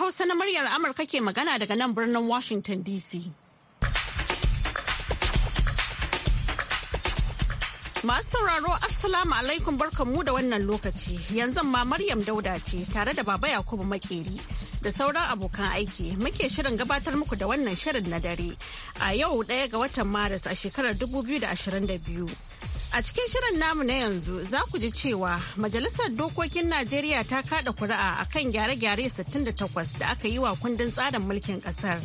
Hausa na muryar Amurka ke magana daga nan birnin Washington DC. Masu sauraro Assalamu alaikum barkanmu da wannan lokaci yanzu ma Maryam Dauda ce tare da Baba Yakubu Makeri da sauran abokan aiki muke shirin gabatar muku da wannan shirin na dare a yau ɗaya ga watan Maris a shekarar 2022. A cikin shirin namu na yanzu za ku ji cewa Majalisar Dokokin Najeriya ta kada kuri'a a kan gyare-gyare 68 da aka yi wa kundin tsarin mulkin kasar.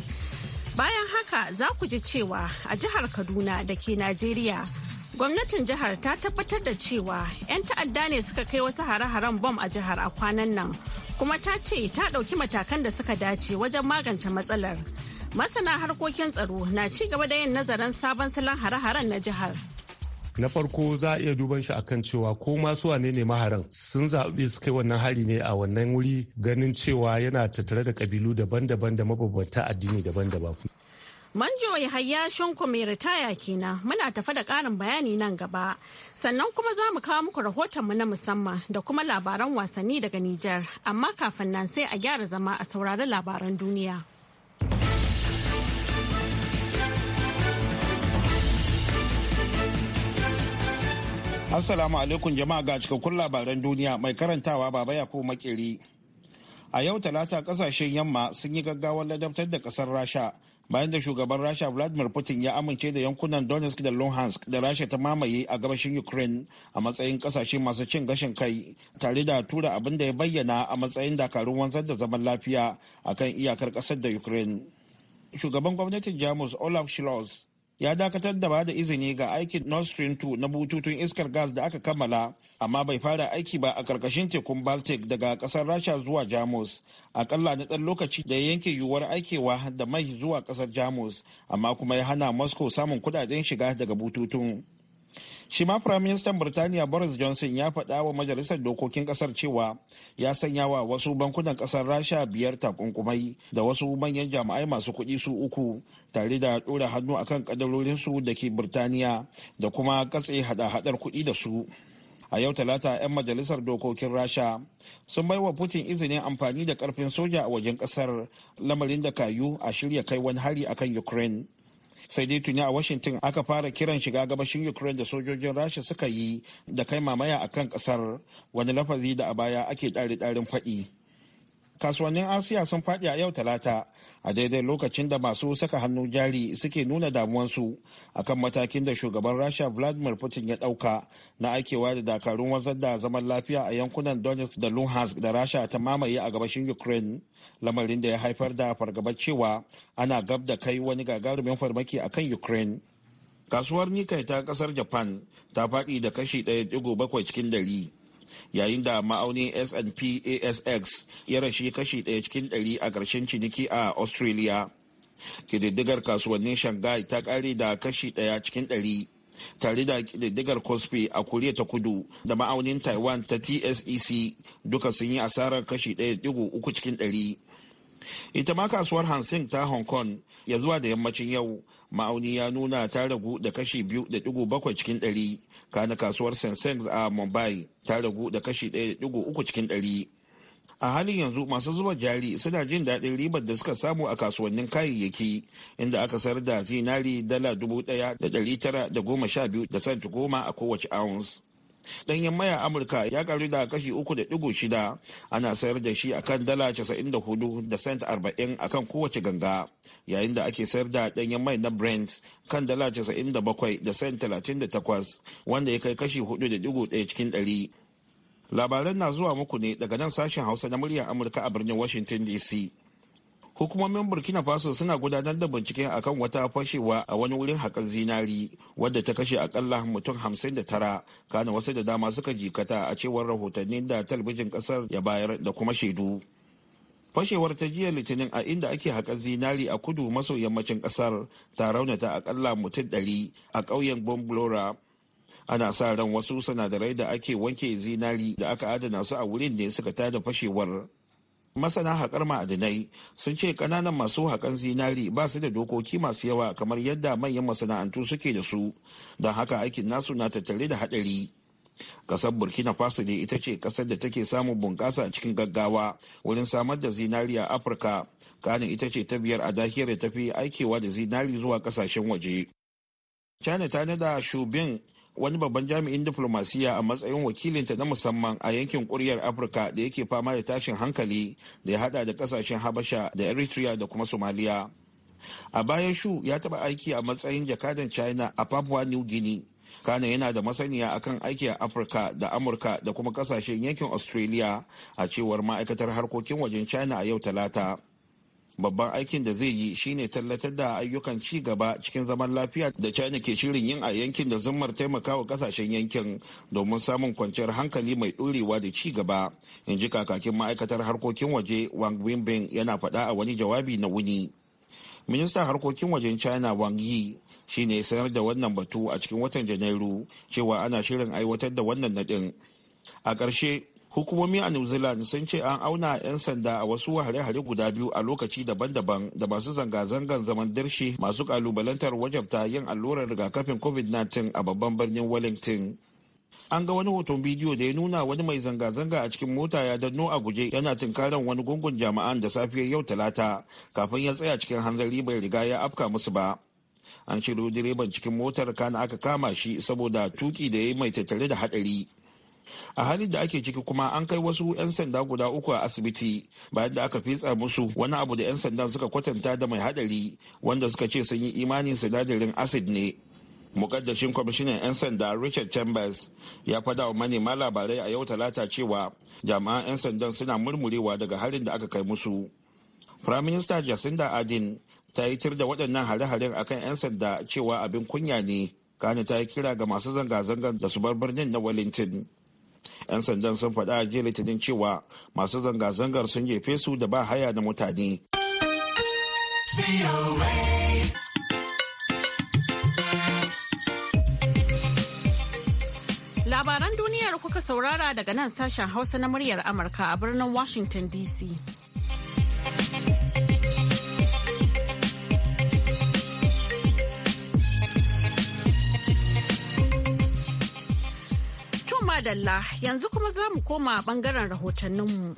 Bayan haka za ku ji cewa a jihar Kaduna da ke Najeriya, gwamnatin jihar ta tabbatar da cewa 'yan ta'adda ne suka kai wasu hare-haren bom a jihar a kwanan nan, kuma ta ce ta ɗauki matakan da suka dace wajen magance matsalar. Masana harkokin tsaro na ci gaba da yin nazarin sabon salon hare-haren na jihar. na farko za a iya duban shi akan cewa ko masu wane ne maharan sun zaɓi su kai wannan hari ne a wannan wuri ganin cewa yana tattare da kabilu daban-daban da mabambanta addini daban-daban. Manjo hayya shanku mai ritaya kenan muna tafa da ƙarin bayani nan gaba. Sannan kuma za mu kawo muku rahotonmu na musamman da kuma labaran wasanni daga Nijar, amma kafin nan sai a gyara zama a saurari labaran duniya. Assalamu alaikum jama'a ga cikakkun labaran duniya mai karantawa baba Yakubu Makeri. A yau talata kasashen yamma sun yi gaggawar ladabtar da kasar Rasha bayan da shugaban Rasha Vladimir Putin ya amince da yankunan Donetsk da Luhansk da Rasha ta mamaye a gabashin Ukraine a matsayin kasashe masu cin gashin kai tare da tura abin da ya bayyana a matsayin dakarun wanzar da zaman lafiya akan iyakar kasar da Ukraine. Shugaban gwamnatin Jamus Olaf Scholz ya dakatar da bada izini ga aikin Nord Stream 2 na bututun iskar gas da aka kammala, amma bai fara aiki ba a ƙarƙashin tekun Baltic daga kasar Rasha zuwa Jamus, aƙalla na ɗan lokaci da ya yanke yiwuwar aikewa da mai zuwa kasar Jamus, amma kuma ya hana Moscow samun kudaden shiga daga bututun. shi ma firaministan birtaniya boris johnson ya faɗa wa majalisar dokokin ƙasar cewa ya sanya wa wasu bankunan ƙasar rasha biyar takunkumai da wasu manyan jami'ai masu kuɗi su uku tare da ɗora hannu akan kadarorinsu da ke birtaniya da kuma katse hada-hadar kuɗi da su a yau talata 'yan majalisar dokokin rasha sun bai wa putin izinin amfani da karfin soja a wajen kasar lamarin da kayu a shirya kai wani hari akan ukraine sai dai tuni a washington aka fara kiran shiga gabashin ukraine da sojojin rasha suka yi da kai mamaya akan kasar wani lafazi da a baya ake ɗari-ɗarin faɗi kasuwannin asiya sun faɗi a yau talata a daidai lokacin da masu saka hannu jari suke nuna damuwansu akan matakin da shugaban rasha vladimir putin ya ɗauka na aikewa da dakarun wazar da zaman lafiya a yankunan donetsk da luhansk da rasha ta mamaye a gabashin ukraine lamarin da ya haifar da fargabar cewa ana gab da kai wani gagarumin farmaki a kan ukraine kasuwar nikai ta kasar japan ta faɗi da kashi ɗaya bakwai cikin dari yayin da ma'aunin S&P ASX ya rashi kashi ɗaya cikin ɗari a karshen ciniki a Australia. Ƙididdigar kasuwannin Shanghai ta ƙare da kashi ɗaya cikin ɗari. tare da ƙididdigar cosby a koriya ta kudu da ma'aunin taiwan ta tsec duka sun yi asarar kashi ɗaya digo uku cikin ɗari ita ma kasuwar hansin ta hong kong ya zuwa da yammacin yau ma'auni ya nuna ta ragu da kashi biyu da digo bakwai cikin ɗari kana kasuwar sensex a mumbai ta ragu da kashi ɗaya da digo uku cikin ɗari a halin yanzu masu zuba jari suna jin daɗin ribar da suka samu a kasuwannin kayayyaki inda aka sayar da zinari dala dubu ɗaya da ɗari tara da goma sha biyu da cent goma a kowace ounce Danyen maya Amurka ya karu da kashi shida ana sayar da shi akan dala 94 da cent 40 akan kowace ganga yayin da ake sayar da danyen mai na Brent kan dala 97 da cent 38 wanda ya kai kashi ɗaya cikin ɗari. Labaran na zuwa muku ne daga nan sashen Hausa na muryar Amurka a birnin Washington DC. hukumomin burkina faso suna gudanar da bincike akan wata fashewa a wani wurin haƙar zinari wadda ta kashe akalla mutum hamsin da tara kana wasu da dama suka jikata a cewar rahotannin da talabijin ƙasar ya bayar da kuma shaidu fashewar ta jiya litinin a inda ake haƙar zinari a kudu maso yammacin ƙasar ta raunata akalla mutum ɗari a ƙauyen bomblora ana sa ran wasu sinadarai da ake wanke zinari da aka adana su a wurin ne suka tada fashewar masana haƙar ma'adinai sun ce ƙananan masu haƙan zinari ba su da dokoki masu yawa kamar yadda manyan masana'antu suke da su don haka aikin nasu na tattare da haɗari ƙasar burkina faso ne ita ce ƙasar da take samun bunƙasa a cikin gaggawa wurin samar da zinari a afirka kanin ita ce ta biyar a dahiyar da tafi aikewa da zinari zuwa ƙasashen waje china ta nada shubin wani babban jami'in diflomasiya a matsayin wakilinta na musamman a yankin kuryar afirka da yake fama da tashin hankali da ya hada da kasashen habasha da eritrea da kuma somaliya a bayan shu ya taba aiki a matsayin jakadan china a papua new guinea kana yana da masaniya akan aiki a afirka da amurka da kuma kasashen yankin australia a cewar ma'aikatar harkokin wajen china a yau talata babban aikin da zai yi shine tallatar da ayyukan ci gaba cikin zaman lafiya da china ke shirin yin a yankin da zummar taimakawa kasashen yankin domin samun kwanciyar hankali mai ɗorewa da ci gaba in ji kakakin ma'aikatar harkokin waje wang wimbin yana faɗa a wani jawabi na wuni ministan harkokin wajen china wang yi shine sanar da wannan batu a cikin watan janairu cewa ana shirin aiwatar da wannan naɗin a ƙarshe hukumomi a new zealand sun ce an auna 'yan sanda a wasu hare-hare guda biyu a lokaci daban-daban da masu zanga-zangan zaman dirshi masu kalubalantar wajabta yin allurar rigakafin covid-19 a babban birnin wellington an ga wani hoton bidiyo da ya nuna wani mai zanga-zanga a cikin mota ya danno a guje yana tunkaran wani gungun jama'an da safiyar yau talata kafin ya tsaya cikin hanzari bai riga ya afka musu ba an shiro direban cikin motar kana aka kama shi saboda tuki da ya yi mai tattare da hadari a halin da ake ciki kuma an kai wasu 'yan sanda guda uku a asibiti bayan da aka fitsa musu wani abu da 'yan sanda suka kwatanta da mai hadari wanda suka ce sun yi imanin sinadarin acid ne mukaddashin kwamishinan 'yan sanda richard chambers ya fada wa manema labarai a yau talata cewa jami'an 'yan sandan suna murmurewa daga halin da aka kai musu firaminista jacinda adin ta yi da waɗannan hare-haren kan 'yan sanda cewa abin kunya ne kane ta yi kira ga masu zanga-zangar da su bar birnin na wellington 'yan sandan sun faɗa a jiya litinin cewa masu zanga-zangar sun jefe su da ba haya da mutane labaran duniyar kuka saurara daga nan sashen hausa na muryar amurka a birnin washington dc Dalla yanzu kuma za mu koma bangaren rahotanninmu.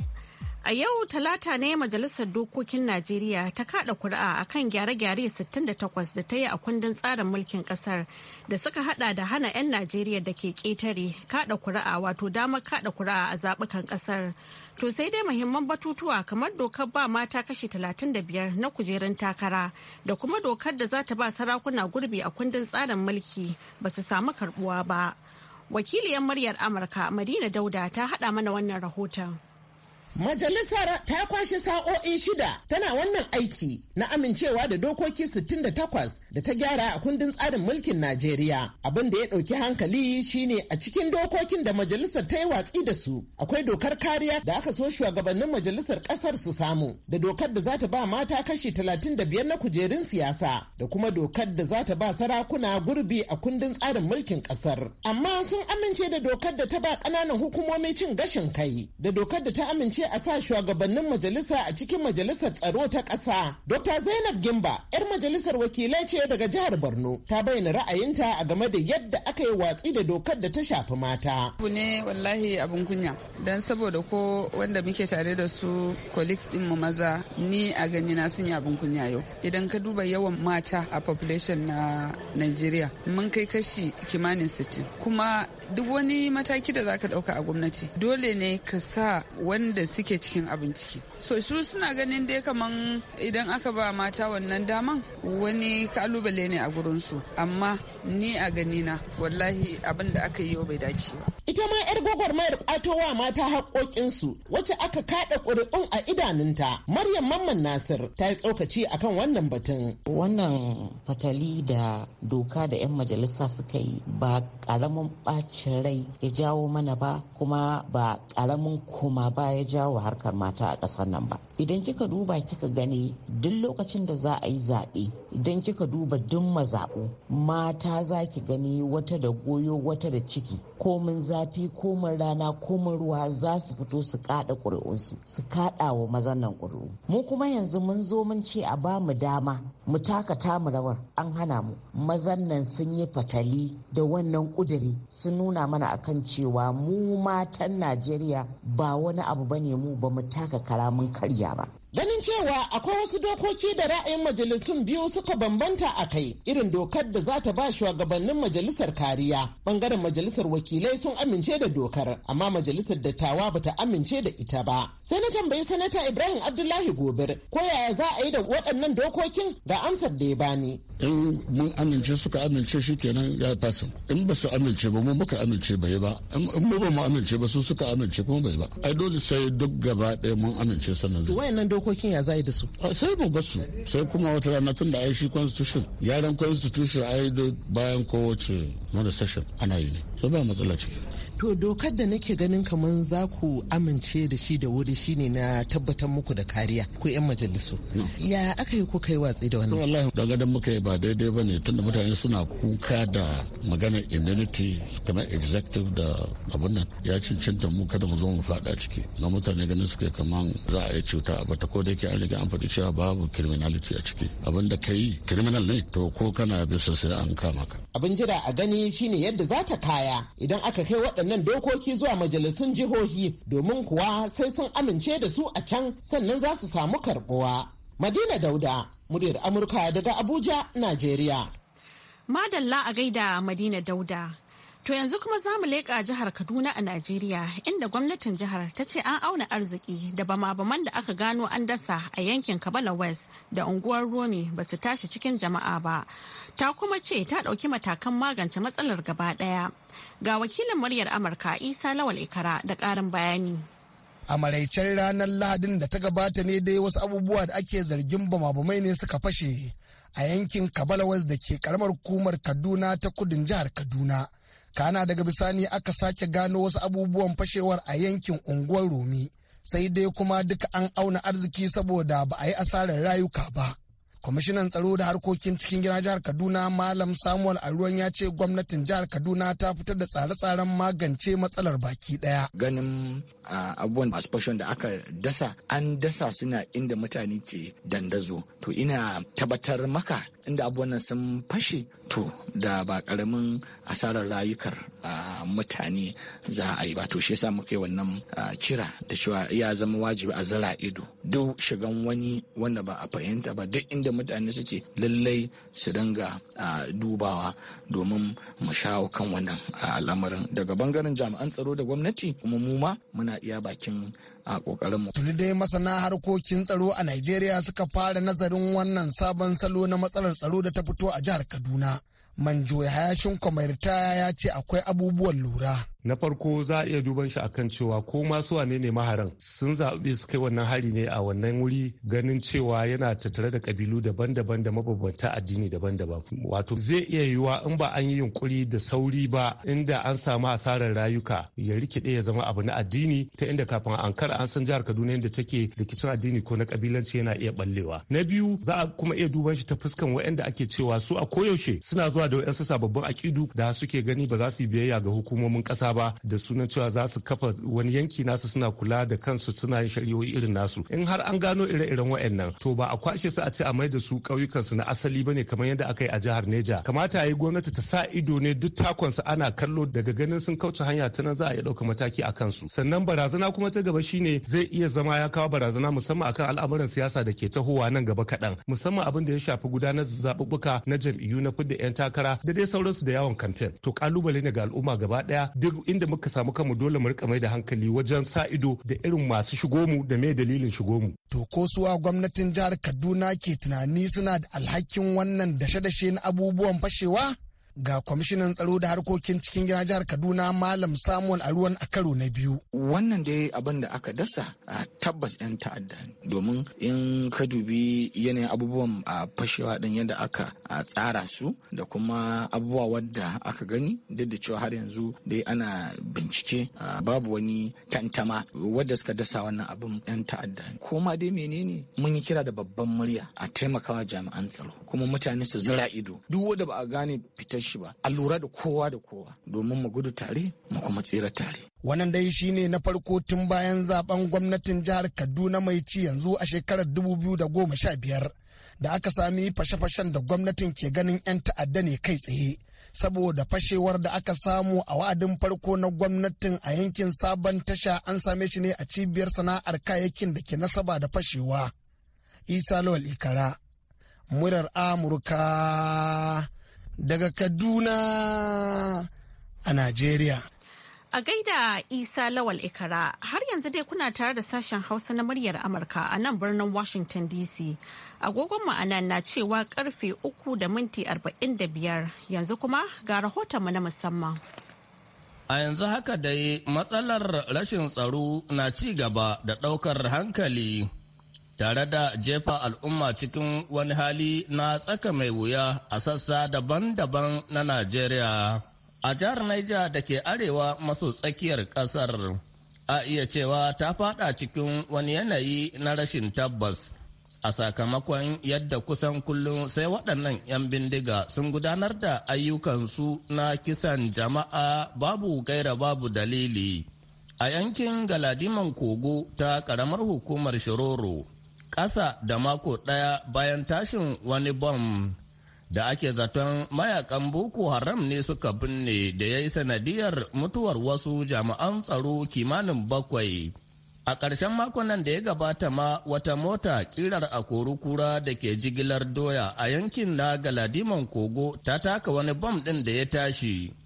A yau talata ne Majalisar Dokokin Najeriya ta kada kuri'a kan gyare-gyare 68 da ta yi a kundin tsarin mulkin kasar da suka hada da hana 'yan Najeriya da ke ketare kada kuri'a wato damar kada kuri'a a zabukan kasar. To sai dai muhimman batutuwa kamar dokar ba mata kashi 35 na kujerun takara da kuma dokar da za ta ba sarakuna gurbi a kundin tsarin mulki ba su samu karbuwa ba. wakiliyar muryar amurka madina dauda ta hada mana wannan rahoton Majalisar ta kwashe sa'o'in shida tana wannan aiki na amincewa da dokoki 68 da ta gyara a kundin tsarin mulkin Najeriya. Abin da ya ɗauki hankali shine a cikin dokokin da majalisar ta yi watsi da su akwai dokar kariya da aka so shugabannin majalisar ƙasar su samu da dokar da za ta ba mata kashi 35 na kujerun siyasa da kuma dokar da za ta ba sarakuna gurbi a kundin tsarin mulkin ƙasar. Amma sun amince da dokar da ta ba ƙananan hukumomi cin gashin kai da dokar da ta amince a sa shugabannin majalisa a cikin majalisar tsaro ta ƙasa. Dr. Zainab Gimba, 'yar majalisar wakilai ce daga jihar Borno, ta bayyana ra'ayinta a game da yadda aka yi watsi da dokar da ta shafi mata. Abu ne wallahi abun kunya, don saboda ko wanda muke tare da su colleagues din mu maza ni a gani na sun yi abun kunya yau. Idan ka duba yawan mata a population na Nigeria, mun kai kashi kimanin sittin Kuma duk wani mataki da zaka ɗauka a gwamnati, dole ne ka sa wanda suke cikin abin ciki so su suna ganin dai kaman idan aka ba mata wannan daman wani kalubale ne a gurinsu amma ni a ganina wallahi abin da aka yi bai dace ba ita ma 'yar gwagwarmayar ƙatowa mata haƙoƙinsu wacce aka kaɗa ƙuri'un a idanunta maryam mamman nasir ta yi tsokaci akan wannan batun wannan fatali da doka da 'yan majalisa suka yi ba ƙaramin ɓacin rai ya jawo mana ba kuma ba ƙaramin koma ba ya jawo harkar mata a ƙasar wannan ba idan kika duba kika gani duk lokacin da za a yi zaɓe idan kika duba duk mazaɓu mata za ki gani wata da goyo wata da ciki komin zafi komin rana komin ruwa za su fito su kaɗa ƙuri'unsu su kaɗa wa mazan nan ƙuri'u mu kuma yanzu mun zo mun ce a ba mu dama mu takata mu rawar an hana mu mazan nan sun yi fatali da wannan ƙuduri sun nuna mana akan cewa mu matan najeriya ba wani abu bane mu ba mu taka karama. mun karya ba Ganin cewa akwai wasu dokoki da ra'ayin majalisun biyu suka bambanta a kai irin dokar da za ta ba shugabannin majalisar kariya. Bangaren majalisar wakilai sun amince da dokar amma majalisar dattawa ta amince da ita ba. Sai na tambayi sanata Ibrahim Abdullahi Gobir ko yaya za a yi da waɗannan dokokin ga amsar da ya bani. In mun amince suka amince shi kenan ya fasa. In ba su amince ba mu muka amince bai ba. In mu ba mu amince ba su suka amince kuma bai ba. Ai dole sai duk gaba ɗaya mun amince sannan. Wayannan dokokin dokokin ya zai da su sai mu ga su sai kuma wata rana tun da ai shi constitution yaran constitution ai bayan kowace mana session ana yi ne so ba matsala ce To dokar da nake ganin kamar za ku amince da shi da wuri shine na tabbatar muku da kariya ku 'yan majalisu. Ya aka yi kuka yi watsi da wannan? Wallahi daga da muka yi ba daidai ba ne tunda mutane suna kuka da magana immunity kamar executive da abin nan ya cancanta mu kada mu zo mu fada ciki. Na mutane ganin suke kaman za a yi cuta a bata ko da yake an riga an faɗi cewa babu criminality a ciki. Abin da kai criminal ne to ko kana bisa sai an kama ka. Abin jira a gani shine yadda za ta kaya idan aka kai waɗannan waɗannan dokoki zuwa majalisun jihohi domin kuwa sai sun amince da su a can sannan za su samu karbuwa. Madina Dauda, muryar Amurka daga Abuja, Najeriya. Madalla a gaida Madina Dauda. To yanzu kuma za mu leƙa jihar Kaduna a Najeriya inda gwamnatin jihar ta ce an auna arziki da bama-baman da aka gano an dasa a yankin Kabala West da unguwar Romi ba su tashi cikin jama'a ba. Ta kuma ce ta ɗauki matakan magance matsalar gaba ɗaya. Ga wakilin muryar Amurka Isa Lawal Ikara da ƙarin bayani. a maraicen ranar lahadin da ta gabata ne dai wasu abubuwa da ake zargin bamabamai ne suka fashe a yankin Kabala kabalawas da ke karamar hukumar kaduna ta kudin jihar kaduna kana daga bisani aka sake gano wasu abubuwan fashewar a yankin unguwar romi sai dai kuma duka an auna arziki saboda ba a yi asarar rayuka ba kwamishinan tsaro da harkokin cikin gida jihar kaduna malam samuel aruwan ya ce gwamnatin jihar kaduna ta fitar da tsare-tsaren magance matsalar baki daya ganin abubuwan masu da aka dasa an dasa suna inda mutane ke dandazo to ina tabbatar maka inda abubuwan nan sun fashe to da ba karamin asarar rayukar mutane za a yi ba to shi yasa muka yi wannan kira da cewa ya zama wajibi a zara ido duk shigan wani wanda ba a fahimta ba duk inda da mutane suke lallai su dinga dubawa domin mu shawo kan wannan al'amarin daga bangaren jami'an tsaro da gwamnati kuma mu ma muna iya bakin a mu. Tuni dai masana harkokin tsaro a Najeriya suka fara nazarin wannan sabon salo na matsalar tsaro da ta fito a jihar Kaduna. Manjo Hayashin Kwamaritaya ya ce akwai abubuwan lura. na farko za a iya duban shi akan cewa ko masu wane ne maharan sun zaɓi su kai wannan hari ne a wannan wuri ganin cewa yana tattare da kabilu daban-daban da mabambanta addini daban-daban wato zai iya yiwuwa in ba an yi yunkuri da sauri ba inda an samu asarar rayuka ya rikide ya zama abu na addini ta inda kafin ankara an san jihar kaduna inda take rikicin addini ko na kabilanci yana iya ballewa na biyu za a kuma iya duban shi ta fuskan waɗanda ake cewa su a koyaushe suna zuwa da waɗansu sababbin akidu da suke gani ba za su yi biyayya ga hukumomin ƙasa ƙasa ba da sunan cewa za su kafa wani yanki nasu suna kula da kansu suna yin shari'o'i irin nasu in har an gano ire-iren wayannan to ba a kwashe su a ce a mai da su ƙauyukan su na asali bane kamar yadda aka yi a jihar Neja kamata yi gwamnati ta sa ido ne duk su ana kallo daga ganin sun kauce hanya ta nan za a iya ɗauka mataki a kansu sannan barazana kuma ta gaba shine zai iya zama ya kawo barazana musamman akan al'amuran siyasa da ke tahowa nan gaba kaɗan musamman abin da ya shafi gudanar zaɓuɓɓuka na jam'iyyu na fidda 'yan takara da dai sauransu da yawon kamfen to kalubale ne ga al'umma gaba ɗaya duk inda muka samu kanmu dole mu rika mai da hankali wajen sa ido da irin masu shigo mu da me dalilin shigo mu. To ko suwa gwamnatin jihar Kaduna ke tunani suna da alhakin wannan dashe-dashe na abubuwan fashewa? ga kwamishinan tsaro da harkokin cikin gida jihar kaduna malam samuel aruwan a karo na biyu wannan dai abin da aka dasa a tabbas yan ta'adda domin in ka dubi yanayin abubuwan a fashewa din yadda aka tsara su da kuma abubuwa wadda aka gani duk da cewa har yanzu dai ana bincike babu wani tantama wadda suka dasa wannan abin yan ta'adda koma dai menene mun yi kira da babban murya a taimakawa jami'an tsaro kuma mutane su zira ido duk wanda ba a gane fitar shi ba a lura da kowa da kowa domin mu gudu tare mu kuma tsira tare wannan dai shine na farko tun bayan zaben gwamnatin jihar kaduna mai ci yanzu a shekarar 2015 da aka sami fashe-fashen da gwamnatin ke ganin 'yan ta'adda ne kai tsaye saboda fashewar da aka samu a wa'adin farko na gwamnatin a yankin sabon tasha an same shi ne a cibiyar sana'ar kayayyakin da ke nasaba da fashewa isa lawal ikara murar amurka daga Kaduna a Najeriya. A gaida Isa Lawal Ikara har yanzu dai kuna tare da sashen Hausa na muryar Amurka a nan birnin Washington DC. Agogon ma'ana na cewa karfe uku da minti arba'in da biyar yanzu kuma ga rahoton mu na musamman. A yanzu haka dai matsalar rashin tsaro na ci gaba da ɗaukar hankali tare da jefa al'umma cikin wani hali na tsaka mai wuya a sassa daban-daban na Najeriya. A jihar Niger da ke arewa maso tsakiyar ƙasar, a iya cewa ta fada cikin wani yanayi na rashin tabbas. A sakamakon yadda kusan kullum sai waɗannan 'yan bindiga sun gudanar da ayyukansu na kisan jama'a babu gaira babu dalili. A yankin Galadiman Kogo ta ƙaramar hukumar Shiroro. ƙasa da mako ɗaya bayan tashin wani bom da ake zaton mayakan boko haram ne suka binne da ya yi sanadiyar mutuwar wasu jami'an tsaro kimanin bakwai a ƙarshen makon nan da ya gabata ma wata mota ƙirar a kura da ke jigilar doya a yankin na galadiman kogo ta taka wani bom ɗin da ya tashi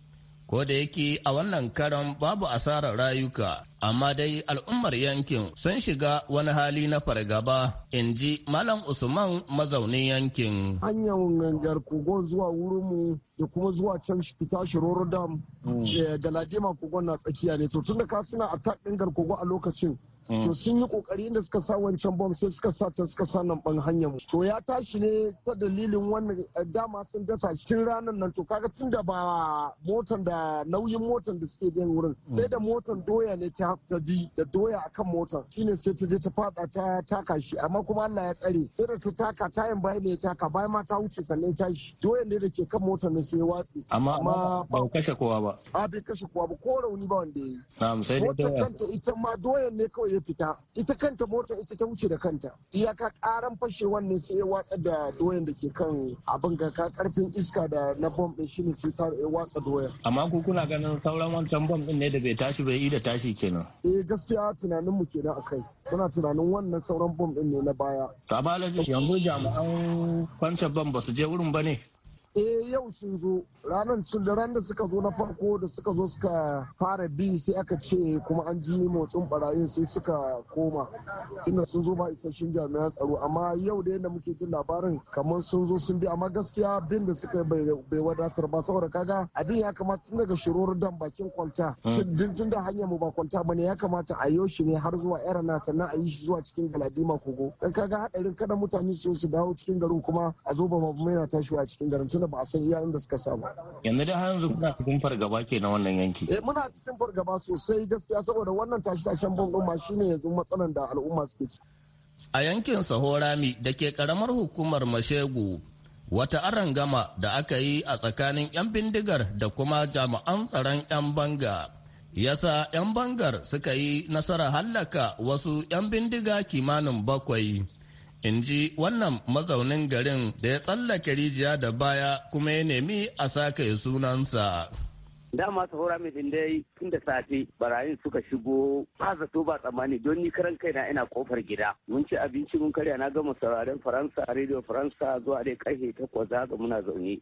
ko da yake a wannan karan babu asarar rayuka amma dai al'ummar yankin sun shiga wani hali na fargaba in ji malam usman mazaunin yankin hanyar gangar kogon zuwa wurinmu da kuma zuwa can fita rorodam da mm. eh, ladima kogon na tsakiya ne to tun da ka suna a taɗin garkogo a lokacin Mm. to sun yi kokari inda suka sa wancan bom sai suka sa ta suka sa nan ban hanyar to ya tashi ne ta dalilin wannan eh, dama sun dasa tun ranar nan to kaga tun da ba motan da nauyin motan da suke jin wurin mm. sai da motan doya ne ta bi da doya akan motan shine sai ta je ta fada ta taka shi amma kuma Allah ya tsare sai da ta taka tayin bai ne ya taka bai ma ta wuce sannan ta shi doya ne da ke kan motan ne sai ya watsi amma ba kashe kowa ba a bai kashe kowa ba ko rauni ba wanda ya yi na'am sai da doya ita ma doya ne kawai ya fita ita kanta mota ita ta wuce da kanta iyaka karan fashe ne sai ya watsa da doyan da ke kan abin ga ka karfin iska da na bom din shine sai ta watsa doyan amma ku kuna ganin sauran wancan bom din ne da bai tashi bai yi da tashi kenan eh gaskiya tunanin mu kenan akai muna tunanin wannan sauran bom din ne na baya to yanzu jami'an kwanta bom ba su je wurin ba ne eh yau sun zo ranar sun da da suka zo na farko da suka zo suka fara bi sai aka ce kuma an ji motsin barayin sai suka koma inda sun zo ba isasshen jami'an tsaro amma yau da yadda muke jin labarin kamar sun zo sun bi amma gaskiya bin da suka bai wadatar ba saboda kaga abin ya kamata tun daga shiror dan bakin kwalta hmm. tun da hanyar mu ba kwalta ne ya kamata a yau shi ne har zuwa erana sannan a yi shi zuwa cikin galadima kogo kaga hadarin kada mutane su su dawo cikin garin kuma a zo ba mai na tashi a cikin garin da ba a san iya inda suka samu yanzu da yanzu kuna cikin fargaba ke na wannan yanki eh muna cikin fargaba sosai gaskiya saboda wannan tashi tashen shine yanzu matsalan da al'umma suke ciki a yankin sahorami da ke karamar hukumar mashegu wata arangama da aka yi a tsakanin 'yan bindigar da kuma jami'an tsaron 'yan banga yasa 'yan bangar suka yi nasara hallaka wasu 'yan bindiga kimanin bakwai in ji wannan mazaunin garin da ya tsallake rijiya da baya kuma ya nemi a sake sunansa dama sahura mai din yi tun da safe barayin suka shigo ba zato ba tsammani don ni karan kaina ina kofar gida mun ci abinci mun karya na gama sauraren faransa a rediyo faransa zuwa dai karfe takwas ga muna zaune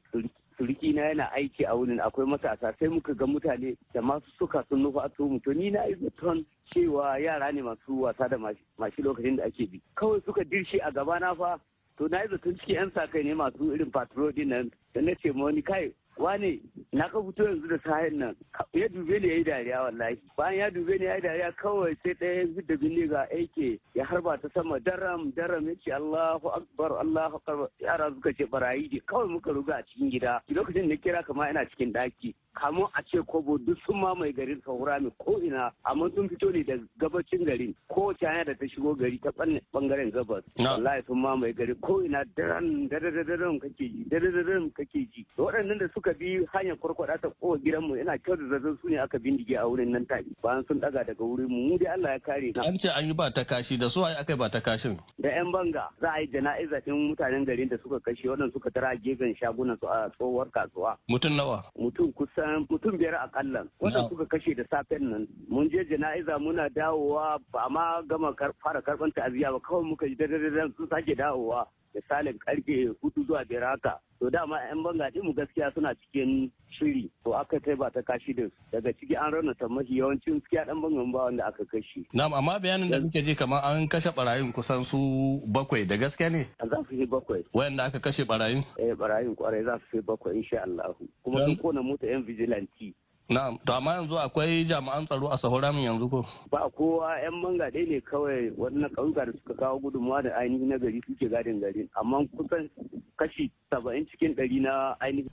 turki na yana aiki a wurin akwai matasa sai muka ga mutane da masu suka sun nufa to mutum ni na zaton cewa yara ne masu wasa da mashi lokacin da ake bi kawai suka dirshi, a gaba na fa to na yi zaton cikin yan sa kai ne masu irin patrol din nan da na ce wani kai wane na ka fito yanzu da sahen nan ya dube ni yi dariya wallahi bayan ya dube ni yi dariya kawai sai ɗaya fi da ga aike ya harba ta sama daram daram yace Allahu akbar Allahu akbar yara suka ce barayi kawai muka ruga a cikin gida lokacin da kira kama yana cikin ɗaki kamun a ce kobo duk sun mamaye garin saurami ko ina amma sun fito ne da gabacin garin ko hanya da ta shigo gari ta bangaren gabas wallahi sun mamaye gari ko ina daren daren kake ji daren kake ji waɗannan da suka bi hanyar kwarkwada ta kowa gidanmu yana kyau da zazzan su ne aka bindige a wurin nan tabi bayan sun daga daga wurin mu mu dai Allah ya kare na an ce an yi ba ta kashi da su ai aka ba ta kashin da yan banga za a yi jana'iza din mutanen garin da suka kashe waɗanda suka tara gefen shagunan su a tsohuwar kasuwa mutum nawa mutum kusan mutum biyar a kallon wanda suka kashe da safen nan mun je jana'iza muna dawowa ba ma gama fara karɓar ta'aziyya ba kawai muka ji dadadadan sun sake dawowa misalin karfe hudu zuwa biyar haka to dama yan banga mu gaskiya suna cikin shiri to aka kai ba ta kashi da daga ciki an rana ta mafi yawancin gaskiya dan bangan ba wanda aka kashe na'am amma bayanin da kuke ji kamar an kashe barayin kusan su bakwai da gaskiya ne za su yi bakwai wayanda aka kashe barayin eh barayin kwarai za su yi bakwai insha Allah kuma sun kona mota yan vigilante Na'am, to amma yanzu akwai jami'an tsaro a min yanzu ko? Ba kowa 'yan manga dai ne kawai wannan ƙauyuka da suka kawo gudunmawa da ainihin na gari suke gadin gari, amma kusan kashi saba'in cikin ɗari na ainihin.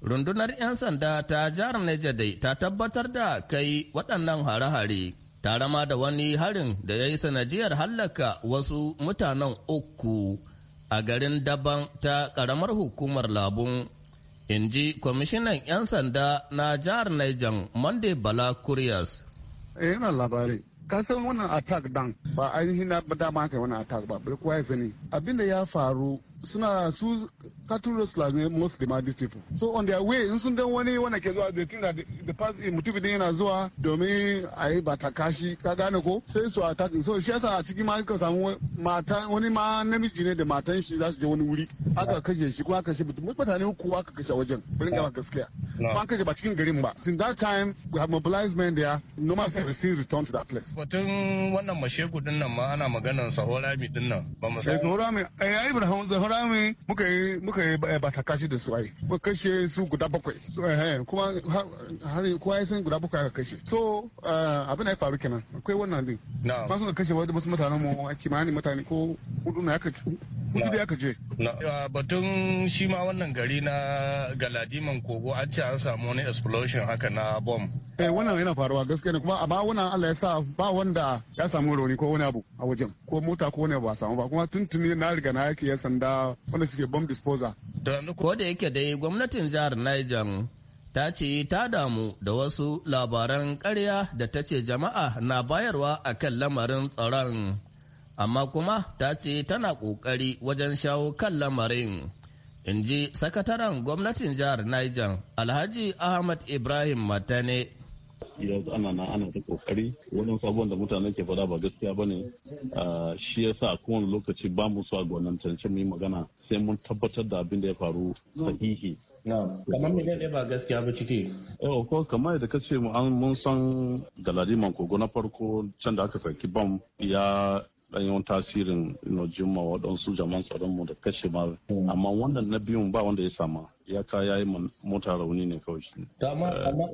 Rundunar 'yan sanda ta jihar Niger dai ta tabbatar da kai waɗannan hare-hare. Tare ma da wani harin da ya yi sanadiyar hallaka wasu mutanen uku a garin daban ta ƙaramar hukumar labun in ji kwamishinan 'yan sanda na jihar Niger Monday Bala Kuriyas. Eh, yana labari kasan wannan attack dan ba ainihin na dama kai wannan attack ba bai kuwa ya sani abinda ya faru suna su Catholics like most minded people. So on their way in sun dan wani wanda ke zuwa they think that the past eh, mutubi din yana zuwa domin ayi ba ta kashi ka gane ko sai su attack so shi yasa a cikin mai ka samu mata wani ma namiji ne da matan shi za su je wani wuri aka kashe shi kuma aka kashe mutum mutane uku aka kashe wajen bari ga gaskiya ba kashe ba cikin garin ba since that time we have mobilized men there no man say receive return to that place batun wannan mashegu din nan ma ana maganar sahorami din nan ba mu eh, sai sahorami ai eh, ibrahim sahorami army muka yi muka yi eh, ta kashi da su ai muka kashe su guda bakwai eh, eh, kuma har kuma ya san guda bakwai aka kashe so abin da ya faru kenan akwai wannan din ba suka kashe wasu mutanen mu a kimanin mutane ko hudu na aka hudu da aka je batun shi ma wannan gari na galadiman kogo an ce an samu wani explosion haka na bomb eh wannan yana faruwa gaskiya ne kuma amma wannan Allah ya sa ba wanda ya samu rauni ko wani abu a wajen ko mota ko wani abu a samu ba kuma tuntuni na riga na yake ya sanda Koda wanda suke bomb disposal. Ko da yake dai gwamnatin jihar Niger ta ce ta damu da wasu labaran karya da ta ce jama'a na bayarwa a kan lamarin tsaron, amma kuma ta ce tana ƙoƙari wajen shawo kan lamarin. In ji sakataren gwamnatin jihar Niger, Alhaji Ahmad Ibrahim Matane. yanzu ana na ana ta kokari wani abubuwan da mutane ke fada ba gaskiya ba ne ah, shi yasa sa kowane lokaci ba mu suwa a gwanantance mu magana sai mun tabbatar da abin da ya faru sahihi. kamar me ne ba gaskiya ba ciki. yau eh, ko kamar yadda ka ce mun san man kogo na farko can da aka saki bam ya ɗanyen tasirin jimma waɗansu jaman tsaronmu da kashe ma hmm. amma wannan na biyun ba wanda ya sama ya ka ya yi mota rauni ne kawai shi. Eh.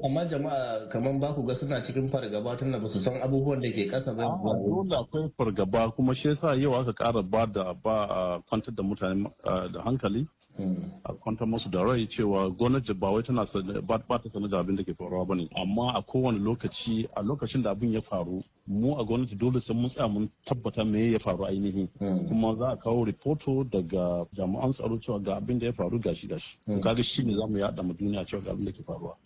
amma jama'a kamar ba ku ga suna cikin fargaba tunda ba su san abubuwan da ke kasa ba. dole akwai fargaba kuma shi yasa yau aka kara ba da ba kwantar da mutane eh, da hankali Hmm. a kwantar musu da rai cewa gwamnati ba wai tana ba ta sanar da abin da ke faruwa ba ne. amma a kowane lokaci a lokacin da abin ya faru mu a gwamnati dole sai mun tsaya mun tabbata me ya faru ainihi hmm. kuma za a kawo ripoto daga jami'an tsaro cewa ga abin da ya faru gashi gashi hmm. kaga shi ne zamu yada mu duniya cewa ga abin da ke faruwa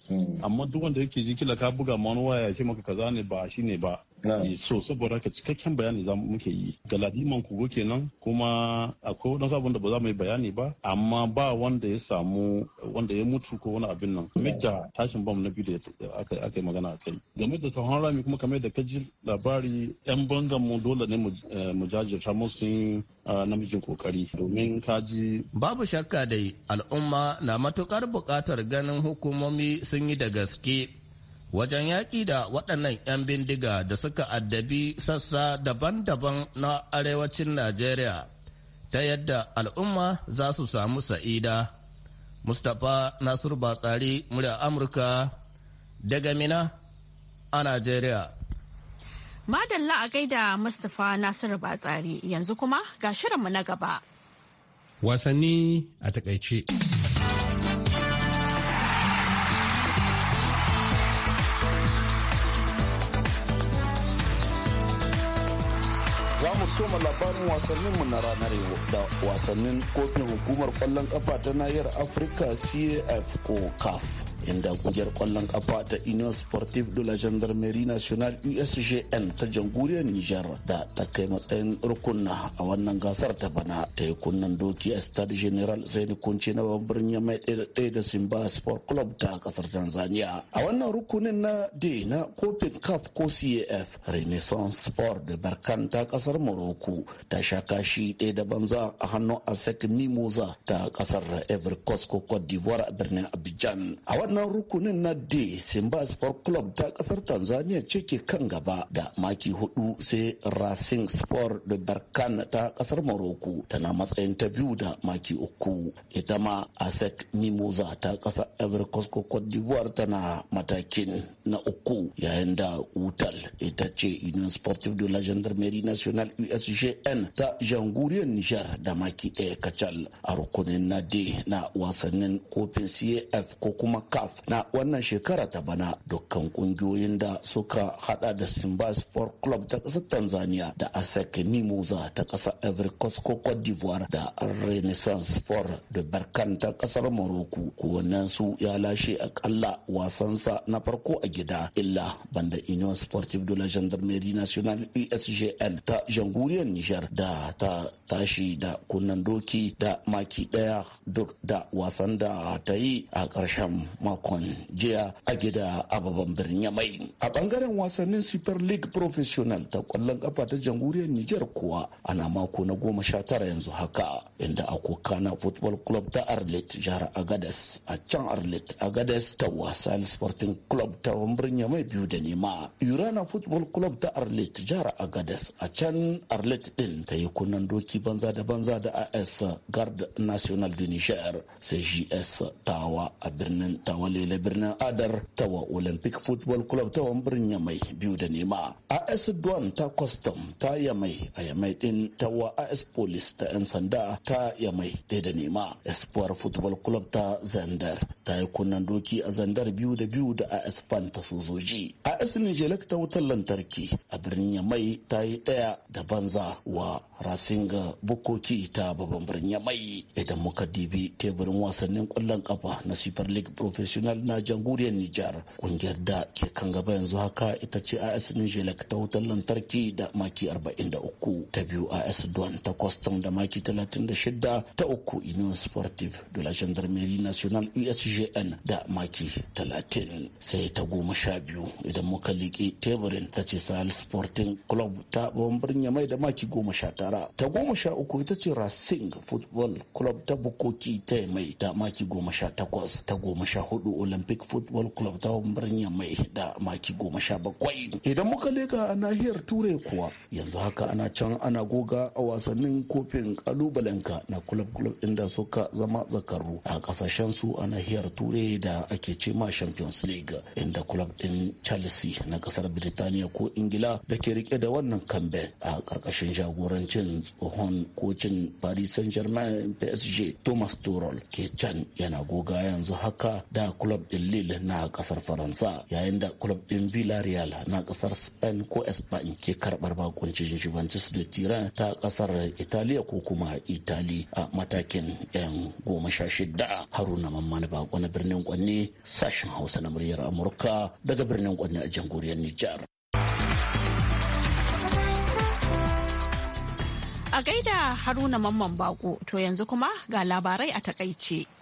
amma duk wanda yake ji kila ka buga ma ya ce maka kaza ne ba shi ne ba Eh, so saboda haka cikakken bayani za muke yi ga ladiman kugo kenan kuma akwai wadansu abin da ba za mu yi bayani ba amma ba wanda ya samu wanda ya mutu ko wani abin nan game da tashin bam na biyu da aka yi magana a kai game da tsohon rami kuma kamar da kaji labari yan bangan mu dole ne mu eh, jajirta musu eh, namijin kokari domin kaji babu shakka dai al'umma na matukar buƙatar ganin hukumomi sun yi da gaske wajen yaƙi da waɗannan 'yan bindiga da suka addabi sassa daban-daban na arewacin Najeriya ta yadda al'umma za su samu sa'ida. Mustapha Nasiru Batsari murya Amurka daga Mina a Najeriya. Madalla a gaida Mustapha Nasiru Batsari yanzu kuma ga shirinmu na gaba. Wasanni a takaice. soma labarin wasanninmu na ranar yau da wasannin kofin hukumar kwallon kafa ta nahiyar afirka caf ko caf inda kungiyar kwallon kafa ta union sportive de la gendarmerie nationale usgn ta jamhuriyar niger da ta kai matsayin rukunna a wannan gasar ta bana ta yi kunnan doki a stade general zaini kunce na babban ya mai ɗaya da simba sport club ta kasar tanzania a wannan rukunin na d na kofin caf ko caf renaissance sport da barkan ta kasar morocco ta sha kashi ɗaya da banza a hannun asec mimosa ta kasar ivory ko cote d'ivoire a birnin abidjan a wannan na rukunin na d simba sport club ta kasar tanzania ce ke kan gaba da maki hudu sai racing sport da berkan ta kasar morocco tana matsayin ta biyu da maki uku ita ma asec mimosa ta kasar ivory coast cote d'ivoire tana matakin na uku yayin da wutal ita ce union sportive de la gendarmerie nationale usgn ta janguriyar niger da maki ɗaya kacal a rukunin na d na wasannin kofin caf ko kuma caf caf na wannan shekara ta bana dukkan kungiyoyin da suka hada da simba sport club ta kasar tanzania da asec mimosa ta kasar ivory coast ko cote d'ivoire da renaissance sport da barkan ta kasar morocco kowannen su ya lashe akalla wasansa na farko a gida illa banda union sportive de la gendarmerie nationale usgn e ta jamhuriyar nijar da ta tashi da kunnan doki da maki daya duk da wasan da ta yi a ƙarshen makon jiya a gida a babban birnin Yamai. A bangaren wasannin Super League Professional ta kwallon kafa ta jamhuriyar Nijar kuwa ana mako na goma sha tara yanzu haka inda na Football Club ta Arlet jihar Agadas a can Arlet Agadas ta wasa Sporting Club ta birnin Yamai biyu da nema. Urana Football Club ta Arlet jihar Agadas a can Arlet din ta yi kunan doki banza da banza da AS Guard National de niger sai GS Tawa a birnin ta. walele birnin adar ta wa olympic football club ta wambirin yamai biyu da nema as duan ta custom ta yamai a yamai din ta wa as police ta yan sanda ta yamai ɗaya da nema espoir football club ta zandar ta yi kunnan doki a zandar biyu da biyu da as fan ta sojoji as nijelek ta wutar lantarki a birnin yamai ta yi ɗaya da banza wa rasinga bukoki ta babban birnin yamai idan muka dibi teburin wasannin kwallon kafa na super league traditional na jamhuriyar Nijar. Kungiyar da ke kan gaba yanzu haka ita ce AS Nijelek ta wutar lantarki da maki 43 ta biyu AS Don ta Custom da maki 36 ta uku Union Sportive de la Gendarmerie National USGN da maki 30 sai ta goma sha biyu idan muka liƙe teburin ta ce Sahel Sporting Club ta bambarin mai da maki goma sha tara ta goma sha uku ita ce Racing Football Club ta Bukoki ta mai da maki goma sha takwas ta goma sha hudu olympic football club ta birnin mai da maki goma sha bakwai idan muka leka a nahiyar turai kuwa yanzu haka ana can ana goga a wasannin kofin ka na club club inda suka zama zakaru a kasashen su a nahiyar turai da ake ce ma champions league inda club din chelsea na kasar birtaniya ko ingila da ke rike da wannan kambe a karkashin jagorancin tsohon kocin paris saint germain psg thomas tuchel ke can yana goga yanzu haka da da club din lille na kasar faransa yayin da club din villarreal na kasar spain ko spain ke karbar bakuncin juventus da tira ta kasar italiya ko kuma itali a matakin yan goma sha shida haruna mamman bako na birnin kwanne sashen hausa na muryar amurka daga birnin kwanne a jamhuriyar nijar a gaida haruna mamman bako to yanzu kuma ga labarai a takaice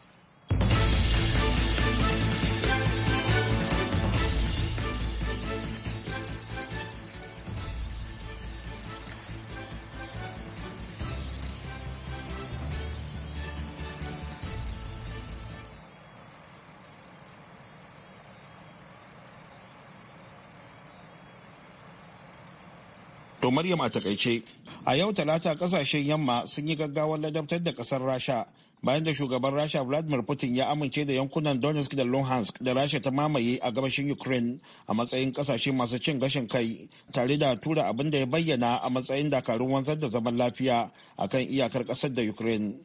To Maryam a takaice, a yau talata kasashen yamma sun yi gaggawar ladabtar da kasar Rasha bayan da shugaban Rasha Vladimir Putin ya amince da yankunan Donetsk da Luhansk da Rasha ta mamaye a gabashin Ukraine a matsayin kasashe masu cin gashin kai tare da tura abin da ya bayyana a matsayin dakarun wanzar da zaman lafiya akan iyakar kasar da Ukraine.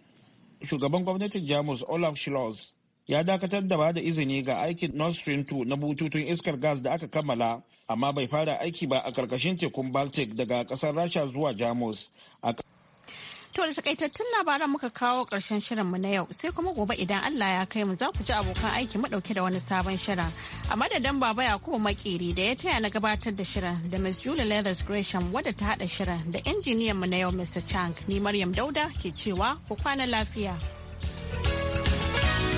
Shugaban gwamnatin Jamus Olaf Scholz ya dakatar da ba izini ga aikin Nord Stream 2 na bututun iskar gas da aka kammala amma bai fara aiki ba a karkashin tekun Baltic daga ƙasar Rasha zuwa Jamus. To da takaitattun labaran muka kawo ƙarshen shirinmu na yau sai kuma gobe idan Allah ya kai mu za ku ji abokan aiki madauke da wani sabon shirin. A madadin baba Yakubu Makeri da ya taya na gabatar da shirin da Ms. Julie Leathers Gresham wadda ta haɗa shirin da injiniyan mu na yau Mr. Chang ni Maryam Dauda ke cewa ku kwana lafiya.